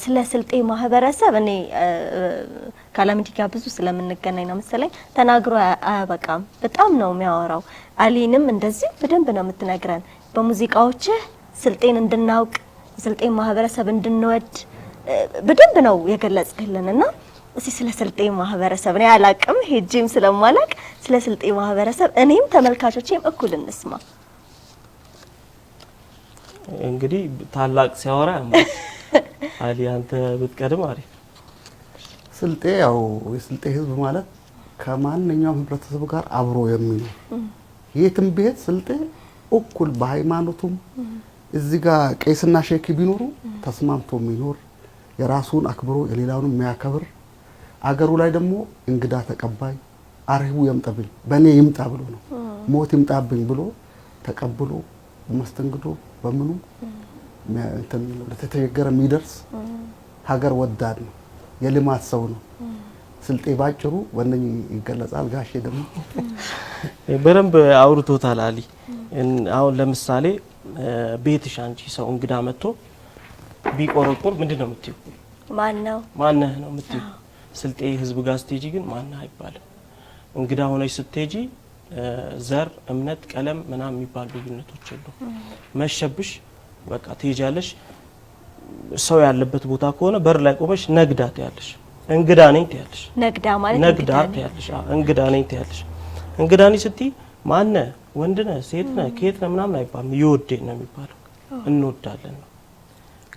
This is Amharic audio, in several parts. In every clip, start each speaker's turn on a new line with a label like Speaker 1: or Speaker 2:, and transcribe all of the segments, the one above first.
Speaker 1: ስለ ስልጤ ማህበረሰብ እኔ ካላሚቲ ጋር ብዙ ስለምንገናኝ ነው መሰለኝ ተናግሮ አያበቃም። በጣም ነው የሚያወራው። አሊንም እንደዚህ በደንብ ነው የምትነግረን። በሙዚቃዎችህ ስልጤን እንድናውቅ የስልጤን ማህበረሰብ እንድንወድ በደንብ ነው የገለጽክልን እና እስቲ ስለ ስልጤ ማህበረሰብ እኔ አላቅም ሄጄም ስለማላቅ ስለ ስልጤ ማህበረሰብ እኔም ተመልካቾቼም እኩል እንስማ።
Speaker 2: እንግዲህ ታላቅ ሲያወራ አሊ አንተ ብትቀድም አሪፍ።
Speaker 3: ስልጤ ያው የስልጤ ህዝብ ማለት ከማንኛውም ህብረተሰቡ ጋር አብሮ የሚኖር የትም ብሄድ ስልጤ እኩል በሃይማኖቱም እዚህ ጋር ቄስና ሼክ ቢኖሩ ተስማምቶ የሚኖር የራሱን አክብሮ የሌላውን የሚያከብር አገሩ ላይ ደግሞ እንግዳ ተቀባይ አርህቡ የምጠብኝ በእኔ ይምጣ ብሎ ነው ሞት ይምጣብኝ ብሎ ተቀብሎ መስተንግዶ በምኑ ለተቸገረ የሚደርስ ሀገር ወዳድ ነው። የልማት ሰው ነው። ስልጤ ባጭሩ ወንደኝ ይገለጻል። ጋሼ ደግሞ
Speaker 2: በደንብ አውርቶታል። አሊ አሁን ለምሳሌ ቤትሽ አንቺ ሰው እንግዳ መጥቶ ቢቆረቆር ምንድን ነው የምትይው? ማነው ማነህ ነው የምትይው። ስልጤ ህዝብ ጋር ስትሄጂ ግን ማነህ አይባልም። እንግዳ ሆነች ስትሄጂ ዘር፣ እምነት፣ ቀለም ምናምን የሚባሉ ልዩነቶች የሉ መሸብሽ በቃ ትሄጃለሽ። ሰው ያለበት ቦታ ከሆነ በር ላይ ቆመሽ ነግዳ ትያለሽ፣ እንግዳ ነኝ ትያለሽ። ነግዳ ማለት ነግዳ ትያለሽ፣ እንግዳ ነኝ ትያለሽ። እንግዳ ነኝ ስትይ ማነ ወንድ ነህ ሴት ከየት ነህ ምናምን አይባልም። ይወደኝ ነው የሚባለው፣ እንወዳለን ነው።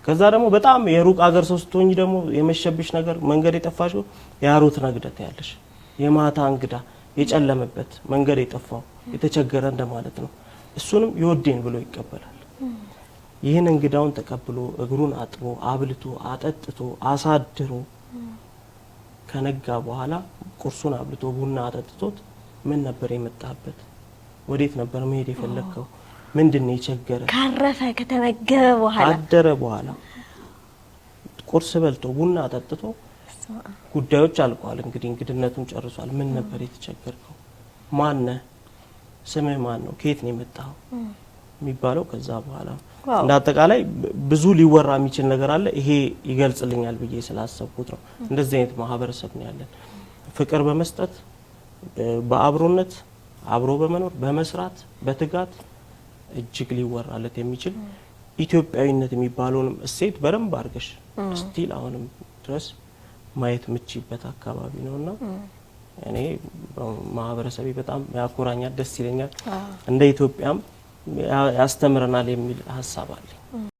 Speaker 2: ከዛ ደግሞ በጣም የሩቅ አገር ሰው ስትሆኝ ደግሞ የመሸብሽ ነገር መንገድ የጠፋሽው ያሩት ነግዳ ትያለሽ። የማታ እንግዳ የጨለመበት መንገድ የጠፋው የተቸገረ እንደማለት ነው። እሱንም ይወደኝ ብሎ ይቀበላል። ይህን እንግዳውን ተቀብሎ እግሩን አጥቦ አብልቶ አጠጥቶ አሳድሮ ከነጋ በኋላ ቁርሱን አብልቶ ቡና አጠጥቶት ምን ነበር የመጣበት? ወዴት ነበር መሄድ የፈለግከው? ምንድን ነው የቸገረ?
Speaker 1: ካረፈ ከተመገበ በኋላ
Speaker 2: አደረ በኋላ ቁርስ በልቶ ቡና አጠጥቶ ጉዳዮች አልቀዋል። እንግዲህ እንግድነቱን ጨርሷል። ምን ነበር የተቸገርከው? ማነ ስምህ ማን ነው? ከየት ነው የመጣኸው? የሚባለው ከዛ በኋላ እንደ አጠቃላይ ብዙ ሊወራ የሚችል ነገር አለ። ይሄ ይገልጽልኛል ብዬ ስላሰብኩት ነው። እንደዚህ አይነት ማህበረሰብ ነው ያለን። ፍቅር በመስጠት በአብሮነት አብሮ በመኖር በመስራት በትጋት እጅግ ሊወራለት የሚችል ኢትዮጵያዊነት የሚባለውንም እሴት በደንብ አድርገሽ ስቲል አሁንም ድረስ ማየት ምችበት አካባቢ ነውና እኔ ማህበረሰቤ በጣም ያኮራኛል፣ ደስ ይለኛል እንደ ኢትዮጵያም ያስተምረናል የሚል ሀሳብ አለኝ።